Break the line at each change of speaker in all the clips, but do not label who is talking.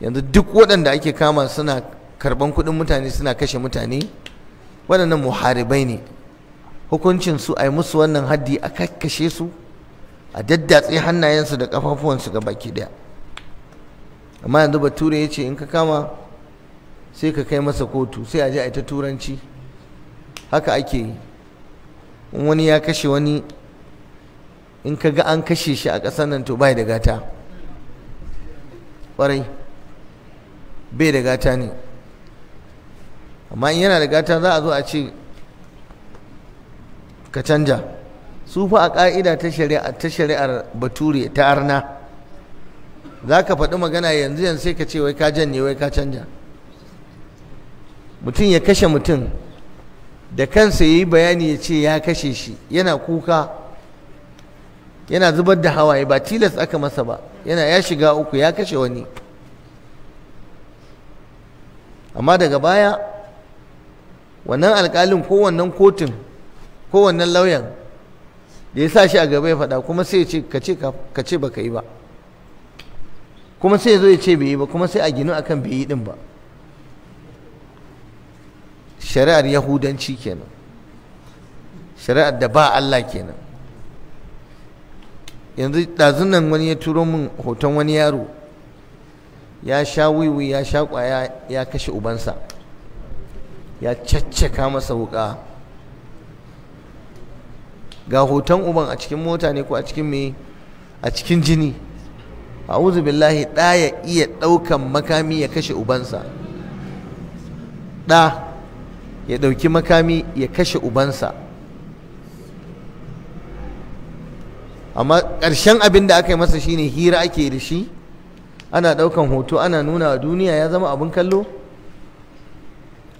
yanzu duk waɗanda ake kama suna karban kuɗin mutane suna kashe mutane waɗannan muharibai ne hukuncin su a yi musu wannan haddi a kakkashe su a daddatse hannayensu da ƙafafuwansu ga baki ɗaya amma yanzu bature ya ce in ka kama sai ka kai masa kotu sai a je a ta turanci haka ake yi in wani ya kashe wani in ka ga an kashe shi a ƙasar nan to bai da gata ƙwarai bai da gata ne amma in yana da gata za a zo a ce ka canja su fa a ƙa'ida ta shari'ar bature ta arna za ka faɗi magana yanzu yanzu sai ka ce wai ka janye wai ka canja mutum ya kashe mutum da kansa ya yi bayani ya ce ya kashe shi yana kuka yana zubar da hawaye ba tilas aka masa ba yana ya shiga uku ya kashe wani amma daga baya wannan alkalin ko wannan kotun ko wannan lauyan da ya sa shi a gaba ya faɗa kuma sai ya ce ka ce ba ka yi ba kuma sai ya zo ya ce bai yi ba kuma sai a ginu akan bai yi din ba shari'ar yahudanci kenan shari'ar da ba Allah kenan yanzu ɗazun nan wani ya turo min hoton wani yaro ya sha wiwi ya sha kwaya ya kashe ubansa ya caccaka masa wuka ga hoton uban a cikin mota ne ko a cikin me a cikin jini a'udhu billahi ɗa ya iya ɗaukan makami ya kashe ubansa ɗa ya ɗauki makami ya kashe ubansa amma ƙarshen abin da aka yi masa shine hira ake da shi ana ɗaukan hoto ana nuna a duniya ya zama abin kallo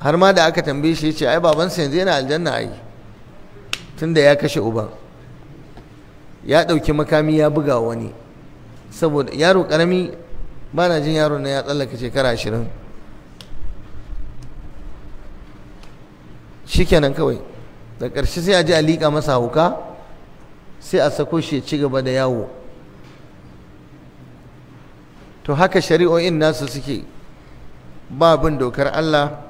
har ma da aka tambaye shi ya ce ai babansa yanzu yana aljanna ai tunda ya kashe uban ya ɗauki makami ya buga wani saboda yaro ƙarami ba na jin yaro na ya tsallaka shekara ashirin shikenan kawai da ƙarshe sai a ji a liƙa masa hauka sai a sako shi ya ci gaba da yawo to haka shari'o'in nasu suke ba bin dokar Allah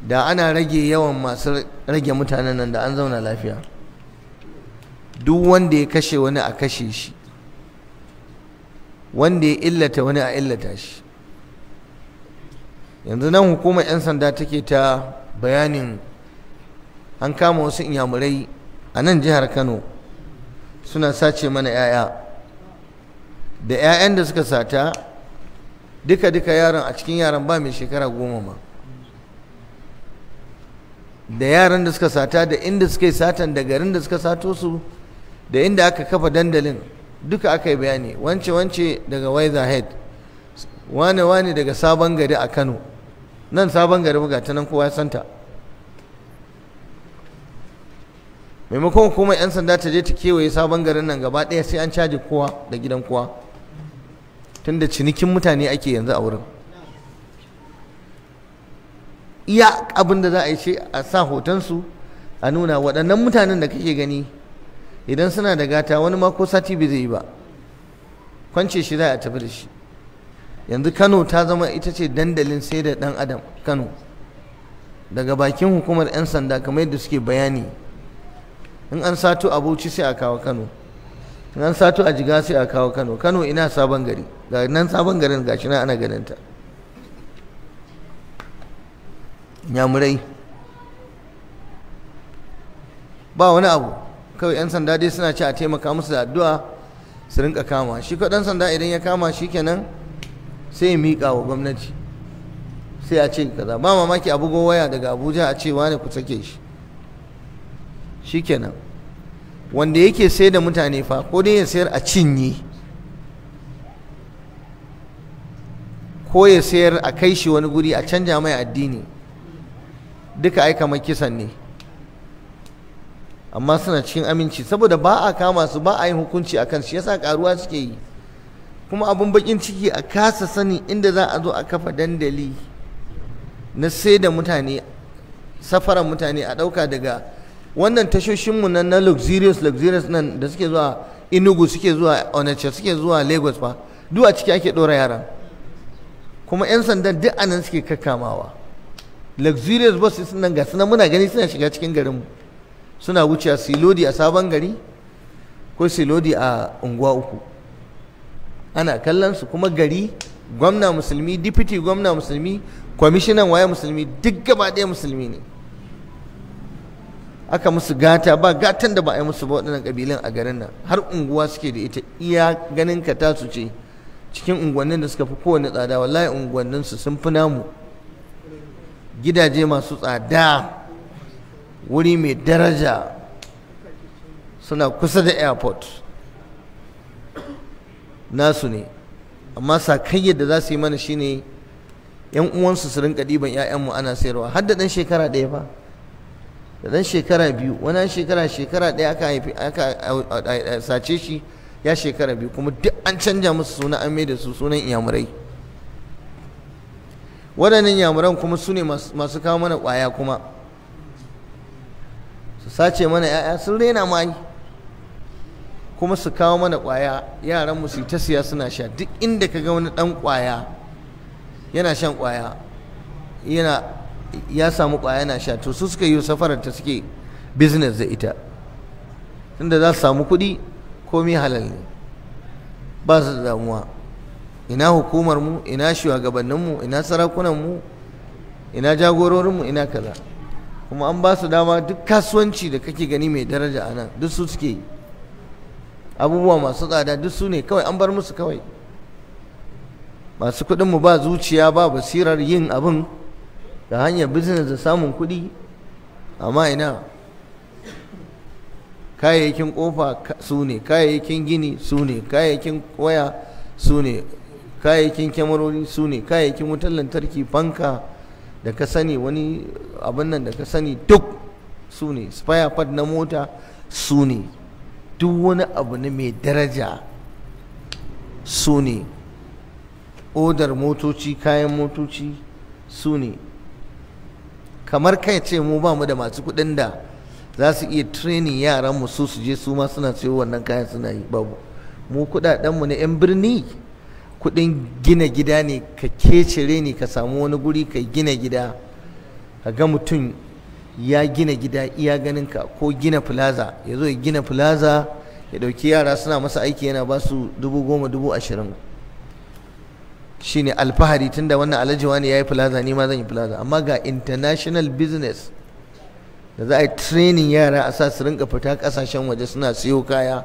da ana rage yawan masu rage mutanen nan da an zauna lafiya duk wanda ya kashe wani a kashe shi wanda ya illata wani a illata shi yanzu nan hukumar 'yan sanda take ta bayanin an kama wasu inyamurai a nan jihar kano suna sace mana 'ya'ya da 'ya'yan da suka sata duka duka yaron a cikin yaran ba mai shekara goma ma da yaran da suka sata da inda suka yi satan da garin da suka sato su da inda aka kafa dandalin duka aka yi bayani wance wance daga waiza head wane wane daga sabon gari a kano nan sabon gari buga ta nan kowa ya santa maimakon kuma 'yan sanda ta je ta kewaye sabon garin nan gaba ɗaya sai an caji kowa da gidan kowa tunda cinikin mutane ake yanzu a wurin iya abin da za a yi ce a sa hotonsu a nuna waɗannan mutanen da kake gani idan suna da gata wani ma ko sati bai zai yi ba kwance shi za a tafi da shi yanzu kano ta zama ita ce dandalin sai da ɗan adam kano daga bakin hukumar 'yan sanda kamar yadda suke bayani in an sato abuci sai a kawo kano nan sato a jiga sai a kawo kano kano ina sabon gari ga nan sabon garin ga na ana ganin ta nyamurai ba wani abu kawai 'yan sanda dai suna ci a taimaka musu da addu'a su rinka kama shi ko ɗan sanda idan ya kama shi kenan sai ya miƙa wa gwamnati sai a ce kaza ba mamaki a bugo waya daga abuja a ce wane ku sake shi shi kenan wanda yake sai da mutane fa ko dai ya sayar a cinye ko ya sayar a kai shi wani guri a canja mai addini duka aika mai kisan ne amma suna cikin aminci saboda ba a kama su ba a yin hukunci a kan su yasa karuwa suke yi kuma abun bakin ciki a kasa sani inda za a zo a kafa dandali na sai da mutane safaran mutane a ɗauka daga wannan tashoshinmu na na luxurious luxurious nan da suke zuwa inugu suke zuwa onitsha suke zuwa lagos ba duk a ciki ake ɗora yaran kuma 'yan sandan duk anan suke kakkamawa luxurious buses nan ga suna muna gani suna shiga cikin garinmu suna wuce a silodi a sabon gari ko silodi a unguwa uku ana kallon su kuma gari gwamna musulmi deputy gwamna musulmi kwamishinan waya musulmi duk gaba ɗaya musulmi ne aka musu gata ba gatan da ba a yi musu ba waɗannan ƙabilun a garin nan har unguwa suke da ita iya ganin ka tasu ce cikin unguwannin da suka fi kowane tsada wallahi unguwannin su sun fi namu gidaje masu tsada wuri mai daraja suna kusa da airport nasu ne amma sakayyar da za su yi mana shine yan uwansu su rinka ɗiban mu ana sayarwa har da dan shekara ɗaya fa da dan shekara biyu wani shekara shekara ɗaya aka haifi aka sace shi ya shekara biyu kuma duk an canja musu suna an mai da su sunan iyamurai waɗannan iyamuran kuma su ne masu kawo mana ƙwaya kuma su sace mana 'ya'ya sun rena mai kuma su kawo mana ƙwaya yaran su ta siya suna sha duk inda ka ga wani ɗan ƙwaya yana shan ƙwaya yana ya samu kwaya yana sha to su suka yi safarar ta suke business da ita tunda za su samu kuɗi komai halal ne ba su da damuwa ina hukumar mu ina shugabannin mu ina sarakunan mu ina jagororin mu ina kaza kuma an ba su dama duk kasuwanci da kake gani mai daraja a nan duk su suke yi abubuwa masu tsada duk su ne kawai an bar musu kawai masu kuɗin mu ba zuciya ba basirar yin abin da hanyar business da samun kuɗi amma ina kayayyakin kofa su ne kayayyakin gini su ne kayayyakin waya su ne kayayyakin kyamarori su ne kayayyakin wutar lantarki fanka da ka sani wani abin nan da ka sani duk su ne spire part na mota su ne duk wani abu ne mai daraja su ne odar motoci kayan motoci su ne kamar kai ce mu ba mu da masu kuɗin da za su iya training yaran mu su su je su ma suna ce wannan kayan suna yi babu mu kuɗaɗen mu na yan birni kuɗin gina gida ne ka kecere ne ka samu wani guri ka gina gida ka ga mutum ya gina gida iya ganin ka ko gina plaza ya zo ya gina plaza ya ɗauki yara suna masa aiki yana ba su dubu goma dubu ashirin shine alfahari tunda wannan alhaji wani yi plaza ni ma zan yi plaza amma ga international business da za a yi training yara a sa su rinka fita kasashen waje suna siyo kaya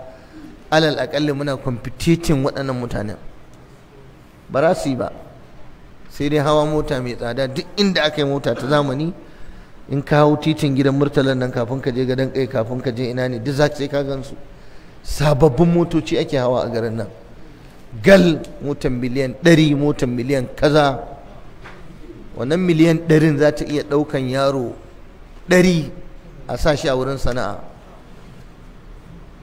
alal akalli muna competiting waɗannan mutanen ba za su yi ba sai dai hawa mota mai tsada duk inda aka yi mota ta zamani in ka hau titin gidan murtalan nan kafin ka je gadon kai kafin ka je ina ne duk za ka sai ka gansu sababbin motoci ake hawa a garin nan gal motan miliyan ɗari motan miliyan kaza wannan miliyan ɗarin za ta iya ɗaukan yaro ɗari a sa shi a wurin sana'a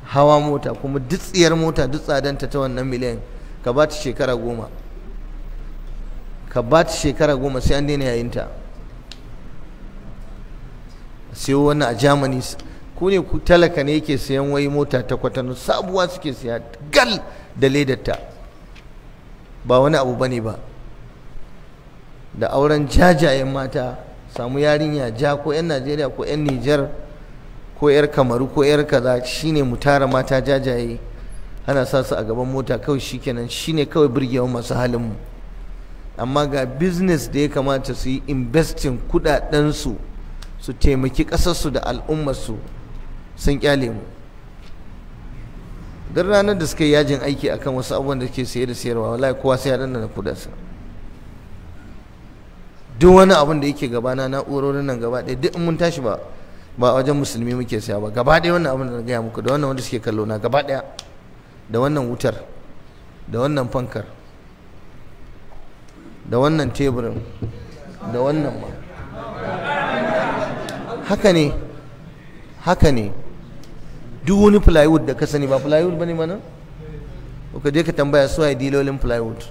hawa mota kuma duk tsiyar mota duk tsadanta ta wannan miliyan ka ba ta shekara goma ka ba ta shekara goma sai an daina yayinta sai wani a germany ku ne ku talaka ne yake sayan wai mota ta kwatano sabuwa suke siya gal da ledarta ba wani abu bane ba da auren jajayen mata samu yarinya ja ko 'yan najeriya ko 'yan nijar ko 'yar kamaru ko 'yar kaza shine mu tara mata jajaye ana sa su a gaban mota kawai shikenan shine kawai burgewa masu halin mu amma ga business da ya kamata su yi investing kudadensu su taimaki kasarsu da al'ummarsu sun kyale mu duk ranar da suka yi yajin aiki akan wasu abubuwan da ke saye da sayarwa wallahi kowa sai ya danna kudarsa duk wani abin da yake gabana na'urorin nan gaba ɗaya duk mun tashi ba ba wajen musulmi muke saya ba gaba ɗaya wannan abin da na gaya muku da wannan wanda suke kallo na gaba ɗaya da wannan wutar da wannan fankar da wannan teburin da wannan ma haka ne haka ne duk wani plywood da ka sani ba plywood bane mana ka je ka tambaya su ai dilolin plywood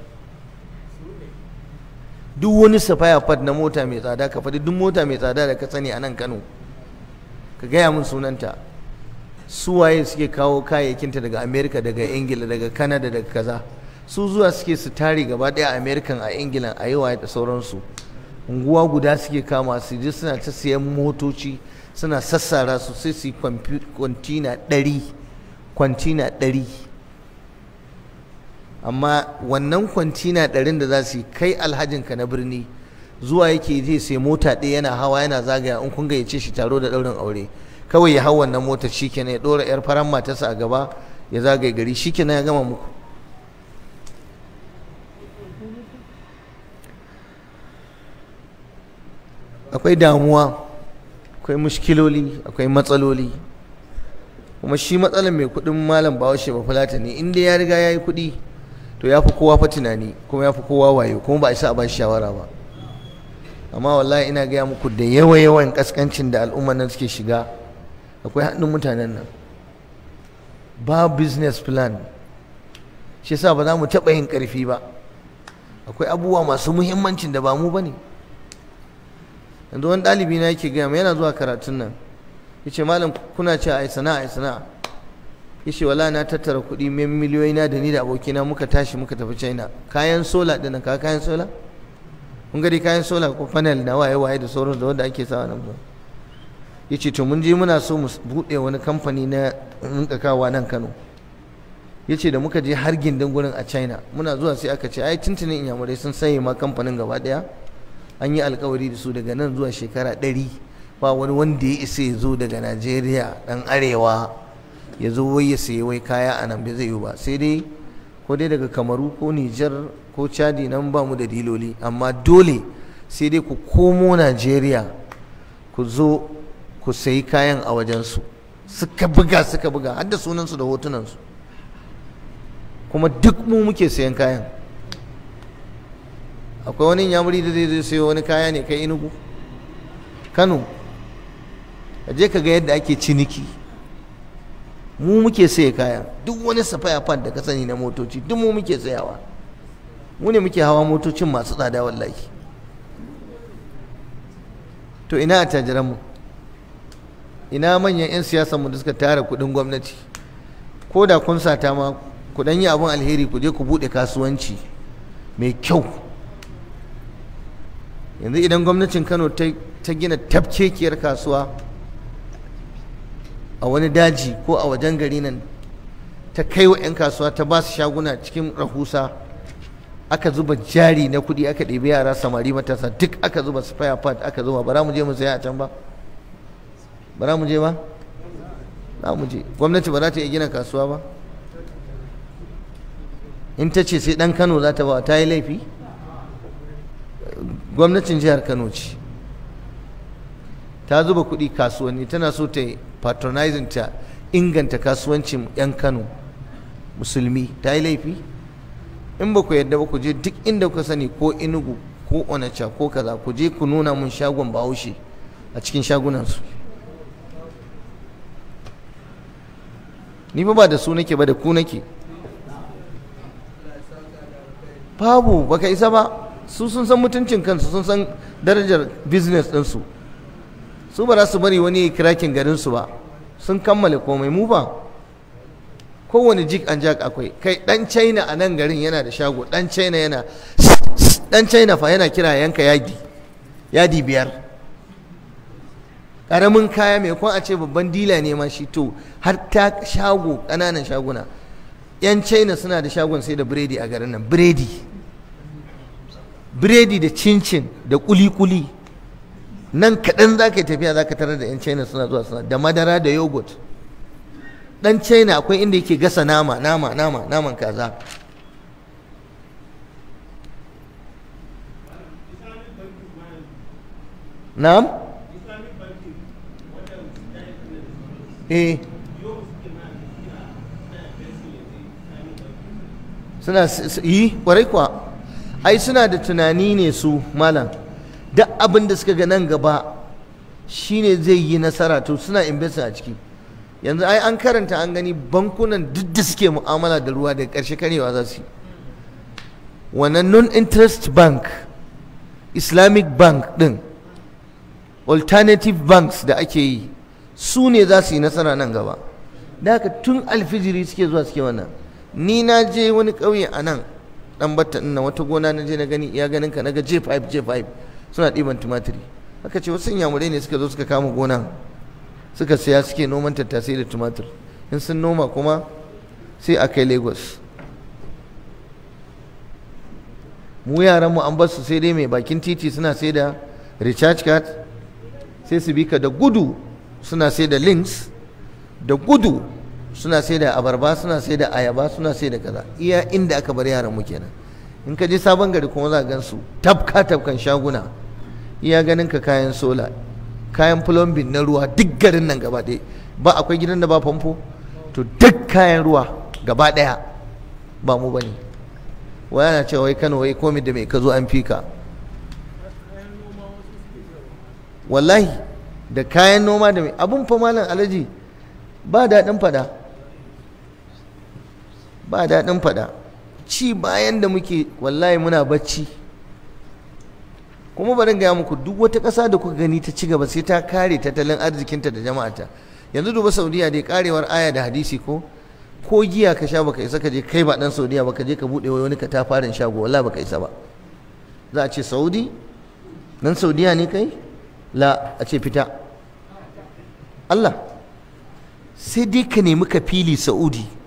duk wani safaya fad na mota mai tsada ka faɗi duk mota mai tsada da ka sani a nan Kano ka gaya min sunanta su waye suke kawo kayayyakinta daga America daga Ingila daga Canada daga kaza su zuwa suke su tare gaba daya a American a Ingila a yawa da sauransu unguwa guda suke kama su je suna ta siyan motoci suna sassara su sai su yi kwantina ɗari kwantina ɗari amma wannan kwantina ɗarin da za su yi kai alhajinka na birni zuwa yake zai sai mota ɗaya yana hawa yana zagaya in kun gayyace shi taro da ɗaurin aure kawai ya hau wannan motar shikenan ya ɗora 'yar faran matarsa a gaba ya zagaye gari shikenan ya gama muku akwai damuwa akwai mushkiloli akwai matsaloli kuma shi matsalar mai kudin malam ba bahaushe ba fulata ne in dai ya riga ya yi kudi to ya fi kowa fa tunani kuma ya fi kowa wayo kuma ba a isa a ba shawara ba amma wallahi ina gaya muku da yawa yawan kaskancin da al'umma nan suke shiga akwai hannun mutanen nan ba business plan shi yasa ba za mu taɓa yin ƙarfi ba akwai abubuwa masu muhimmancin da ba mu ba ne yanzu wani ɗalibi na yake gaya yana zuwa karatun nan ya ce malam kuna ce a sana'a a sana'a ya ce wala na tattara kuɗi mai miliyoyi na da ni da abokina muka tashi muka tafi china kayan sola ɗin ka kayan sola mun gari kayan sola ko panel na waye waye da sauran da wanda ake sawa nan ya ce to mun je muna so mu buɗe wani kamfani na ninkakawa nan kano ya ce da muka je har gindin gurin a china muna zuwa sai aka ce ai tuntunin inyamurai sun sanya ma kamfanin gaba ɗaya an yi alkawari da su daga nan zuwa shekara ɗari ba wani wanda ya isa ya zo daga najeriya ɗan arewa ya zo wai ya sayi wai kaya a nan bai zai yi ba sai dai ko dai daga kamaru ko nijar ko chadi nan ba mu da diloli amma dole sai dai ku komo najeriya ku zo ku sayi kayan a wajensu suka buga suka buga har da sunansu da hotunansu kuma duk mu muke sayan kayan akwai wani yamuri da zai zai sayo wani kaya ne kai inugu kano a je ka ga yadda ake ciniki mu muke saye kaya duk wani safaya fan da ka sani na motoci duk mu muke sayawa mu ne muke hawa motocin masu tsada wallahi to ina a mu ina manyan 'yan mu da suka tara kudin gwamnati ko da kun sata ma ku yi abin alheri ku je ku buɗe kasuwanci mai kyau yanzu idan gwamnatin kano ta gina tafkekiyar kasuwa a wani daji ko a wajen gari nan ta kai wa 'yan kasuwa ta ba su shaguna cikin rahusa aka zuba jari na kuɗi aka ɗebi yara samari matasa duk aka zuba spare part aka zuba bara mu je mu saya a can ba bara mu je ba za mu je gwamnati ba za ta iya gina kasuwa ba in ta ce sai ɗan kano za ta ba ta yi laifi gwamnatin jihar kano ce ta zuba kuɗi kasuwanni tana so ta patronizing ta inganta kasuwancin 'yan kano musulmi ta yi laifi in ba ku yadda ba ku je duk inda ku sani ko inugu ko onacha ko kaza ku je ku nuna mun shagon bahaushe a cikin shagunansu ni ba da su nake ba da ku nake babu baka isa ba su sun san mutuncin kansu sun san darajar business ɗinsu su ba za su bari wani ya kirakin garinsu ba sun kammala komai mu ba kowane jik an jak akwai kai dan china a nan garin yana da shago dan china yana dan china fa yana kira yanka yadi yadi biyar karamin kaya mai kwan a ce babban dila ne ma shi to har ta shago ƙananan shaguna yan china suna da shagon sai da biredi a garin nan biredi biredi da cincin da kulikuli nan kaɗan za ka yi tafiya za ka tarar da 'yan china suna zuwa suna da madara da yogurt ɗan china akwai inda yake gasa nama nama nama naman kaza nam eh suna yi kwarai kuwa ai suna da tunani ne su malam duk abin da suka ga nan gaba shine zai yi nasara to suna investing a ciki yanzu ai an karanta an gani bankunan duk da suke mu'amala da ruwa da ƙarshe karewa za su yi wannan non interest bank islamic bank din alternative banks da ake yi su ne za su yi nasara nan gaba da haka tun alfijiri suke zuwa suke wannan ni na je wani ƙauye a nan dan batta ina wata gona na je na gani ya ganin ka naga J5 J5 suna ɗiban tumatiri aka ce wasu inyamurai ne suka zo suka kama gona suka siya suke noman tattasai da tumatir in sun noma kuma sai a kai Lagos mu yaran mu an bar su sai dai mai bakin titi suna sai da recharge card sai su bi da gudu suna sai da links da gudu suna sai da abarba suna sai da ayaba suna sai da kaza iya inda aka bar yaran mu kenan in ka je sabon gari kuma za gan su tafka tafkan shaguna iya ganin ka kayan sola kayan plumbing na ruwa duk garin nan gaba ɗaya ba akwai gidan da ba famfo to duk kayan ruwa gaba ɗaya ba mu bane wai ana cewa wai Kano wai komai da mai ka zo an fika wallahi da kayan noma da mai abun fa malam alaji ba daɗin fada ba daɗin faɗa ci bayan da muke wallahi muna bacci kuma barin gaya muku duk wata ƙasa da kuka gani ta ci gaba sai ta kare tattalin arzikinta da jama'ata yanzu duba saudiya dai karewar aya da hadisi ko ko giya ka sha baka isa ka je kai ba dan saudiya baka je ka buɗe wani ka ta farin shago wallahi baka isa ba za a ce saudi nan saudiya ne kai la a ce fita Allah sai dai ka nemi ka fili saudi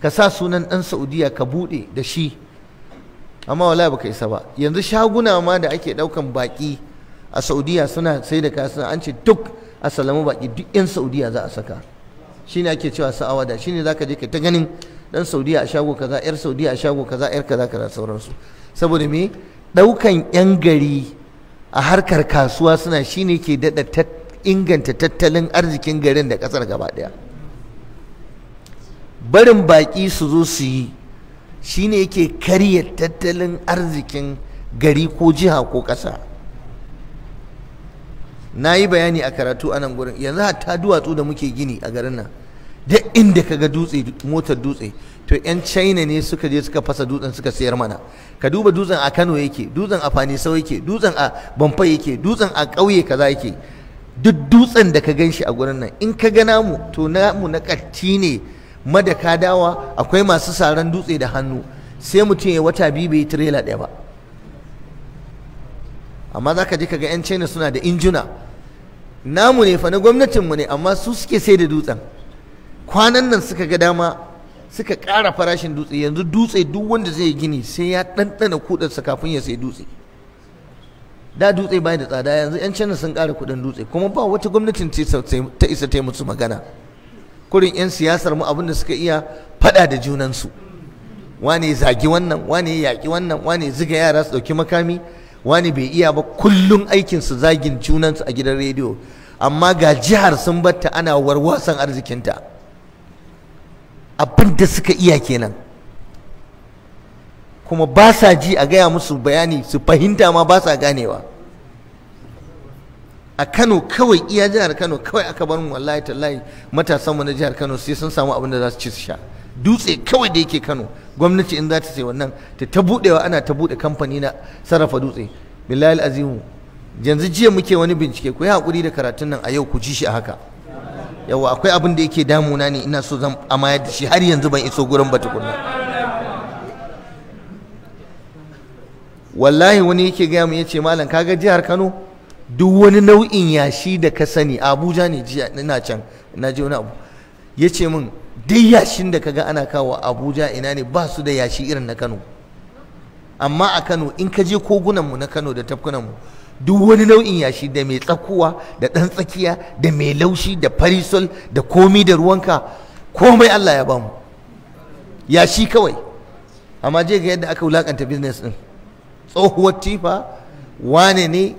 ka sa sunan ɗan saudiya ka buɗe da shi amma wala baka isa ba yanzu shaguna ma da ake ɗaukan baƙi a saudiya suna sai da kasa an ce duk a salamu baƙi duk 'yan saudiya za a saka ne ake cewa da shi ne za ka je ka ta ganin ɗan saudiya a shago kaza yar saudiya a shago kaza yar kaza kaza sauransu saboda me ɗaukan 'yan gari a harkar kasuwa suna shi ne ke daɗa inganta tattalin arzikin garin da ƙasar gaba ɗaya barin baƙi su zo su yi shi ne yake karya tattalin arzikin gari ko jiha ko ƙasa na yi bayani a karatu a nan gurin yanzu hatta duwatsu da muke gini a garin nan duk inda ka ga dutse motar dutse to 'yan china ne suka je suka fasa dutsen suka sayar mana ka duba dutsen a kano yake dutsen a fanisau yake dutsen a bamfai yake dutsen a ƙauye kaza yake duk dutsen da ka gan shi a gurin nan in ka ga namu to namu na ƙarti ne madaka dawa akwai masu saran dutse da hannu sai mutum ya wata biyu bai tirela ɗaya ba amma za ka je ka ga 'yan china suna da injuna namu ne fa na gwamnatinmu ne amma su suke sai da dutsen kwanan nan suka ga dama suka kara farashin dutse yanzu dutse duk wanda zai gini sai ya ɗanɗana kuɗarsa kafin ya sai dutse da dutse bai da tsada yanzu 'yan china sun kara kuɗin dutse kuma ba wata gwamnatin ta isa ta musu magana kurin 'yan siyasar mu da suka iya faɗa da junansu wani zagi wannan wani yaƙi wannan wani ziga yara su ɗauki makami wani bai iya ba kullum su zagin junansu a gidan rediyo amma ga jihar sun batta ana warwasan arzikinta abin da suka iya kenan kuma ba sa ji a gaya musu bayani su fahimta ma ba sa ganewa a Kano kawai iya jihar Kano kawai aka bar mu wallahi tallahi matasan mu na jihar Kano sai sun samu abin da za su ci su sha dutse kawai da yake Kano gwamnati in za ta sai wannan ta ta budewa ana ta bude kamfani na sarrafa dutse billahi azimu yanzu jiya muke wani bincike ku yi hakuri da karatun nan a yau ku ji shi a haka yawa akwai abin da yake damuna ne ina so zan amayar da shi har yanzu ban iso gurin ba tukunna wallahi wani yake gaya mu yace malam kaga jihar Kano duk wani nau'in yashi da ka sani abuja ne jiya ina can na je wani abu ya ce min duk yashin da ka ga ana kawo abuja ina ne ba su da yashi irin na kano amma a kano in ka je kogunanmu na kano da tafkunanmu duk wani nau'in yashi da mai tsakuwa da ɗan tsakiya da mai laushi da farisol da komi da ruwanka komai allah ya bamu yashi kawai amma je ga yadda aka wulakanta business din tsohuwar tifa wane ne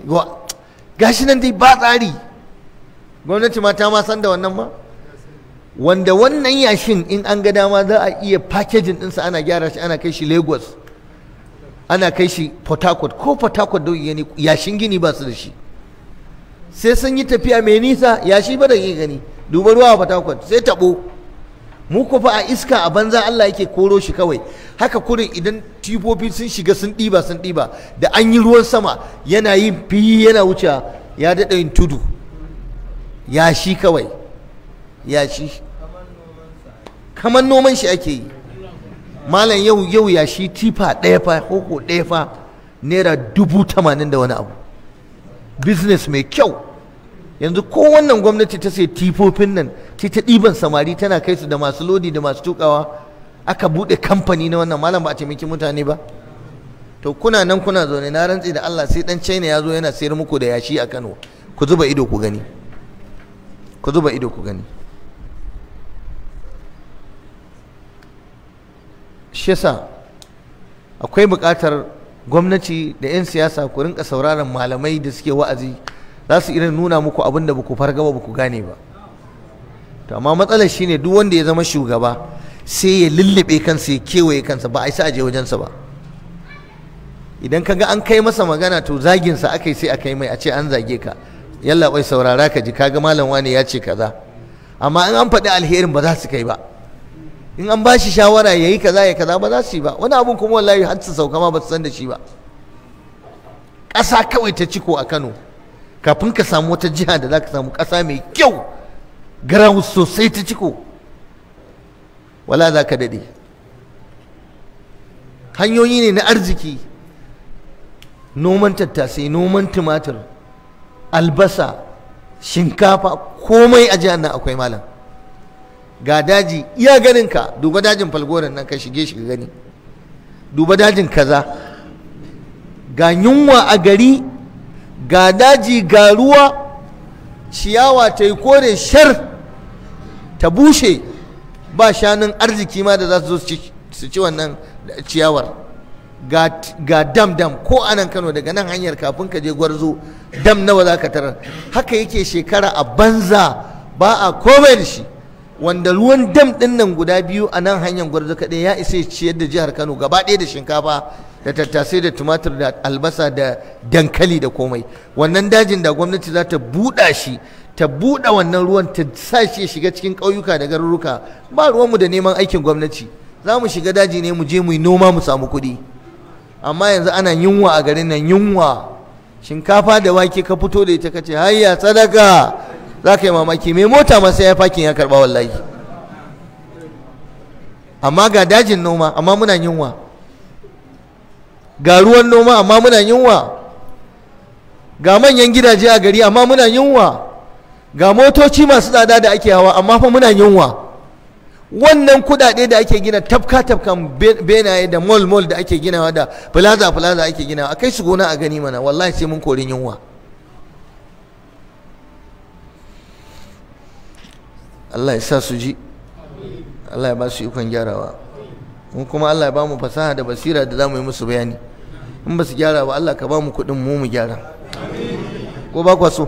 gashi nan dai ba tsari gwamnati ma ma san da wannan ma wanda wannan yashin in an ga dama za a iya packaging ɗinsa ana gyara shi ana kai shi lagos ana kai shi port harcourt ko port harcourt da gani yashin gini ba su da shi sai sun yi tafiya mai nisa yashi ba da gani duba ruwa a port harcourt sai taɓo mu ko fa a iska a banza Allah yake koro shi kawai haka kurin idan tibobi sun shiga sun ɗiba sun ɗiba da an yi ruwan sama yana yin fiyi yana wuce ya daɗa yin tudu ya shi kawai ya shi kamar noman shi ake yi malam yau yau ya shi tifa ɗaya fa koko ɗaya fa naira dubu tamanin da wani abu business mai kyau yanzu ko wannan gwamnati ta sai tifofin nan ce ta ɗiban samari tana kai su da masu lodi da masu tukawa aka buɗe kamfani na wannan malam ba a taimaki mutane ba to kuna nan kuna zaune na rantse da Allah sai dan China ya zo yana sayar muku da yashi a Kano ku zuba ido ku gani ku zuba ido ku gani shi yasa akwai buƙatar gwamnati da 'yan siyasa ku rinka sauraron malamai da suke wa'azi za su irin nuna muku abin da ba ku fargaba ba ku gane ba to amma matsalar shine duk wanda ya zama shugaba sai ya lullube kansa ya kewaye kansa ba a isa a je wajensa ba idan kaga an kai masa magana to zaginsa aka yi sai aka yi mai a ce an zage ka yalla saurara ka ji kaga malam wani ya ce kaza amma in an faɗi alherin ba za su kai ba in an ba shi shawara ya yi kaza ya kaza ba za su yi ba wani abun kuma wallahi har su sauka ma ba su san da shi ba ƙasa kawai ta ciko a kano kafin ka samu wata jiha da za ka samu ƙasa mai kyau ground sosai ta ciko wala za ka daɗe hanyoyi ne na arziki noman tattasai noman tumatir albasa shinkafa komai a jihar nan akwai malam ga daji iya ganinka duba dajin falgoran nan ka shige shi gani duba dajin kaza ga yunwa a gari ga daji ga ruwa ciyawa ta yi kore shar ta bushe ba shanun arziki ma da za su zo su ci wannan ciyawar ga dam dam ko anan kano daga nan hanyar kafin ka je gwarzo dam nawa za ka tarar haka yake shekara a banza ba a komai da shi wanda ruwan dam ɗin nan guda biyu a nan hanyar gwarzo kaɗai ya isa ciyar da jihar kano gaba ɗaya da shinkafa da tattasai da tumatir da albasa da dankali da komai wannan dajin da gwamnati za ta buɗa shi ta buɗa wannan ruwan ta sa shi shiga cikin ƙauyuka da garuruka ba ruwanmu da neman aikin gwamnati za mu shiga daji ne mu je mu yi noma mu samu kuɗi amma yanzu ana yunwa a garin nan yunwa shinkafa da wake ka fito da ita kace hayya sadaka za ka yi mamaki mai mota ma sai ya fakin ya karɓa wallahi amma ga dajin noma amma muna yunwa ga ruwan noma amma muna yunwa ga manyan gidaje a gari amma muna yunwa ga motoci masu tsada da ake hawa amma fa muna yunwa wannan kudade da ake gina tafka tafkan benaye da mall mall da ake ginawa da plaza plaza ake ginawa akai su gona a gani mana wallahi sai mun korin yunwa Allah ya sa su ji Allah ya ba su ikon gyarawa mun kuma Allah ya ba mu fasaha da basira da za mu yi musu bayani in ba su gyara ba Allah ka ba mu kuɗin mu mu gyara ko ba kwa so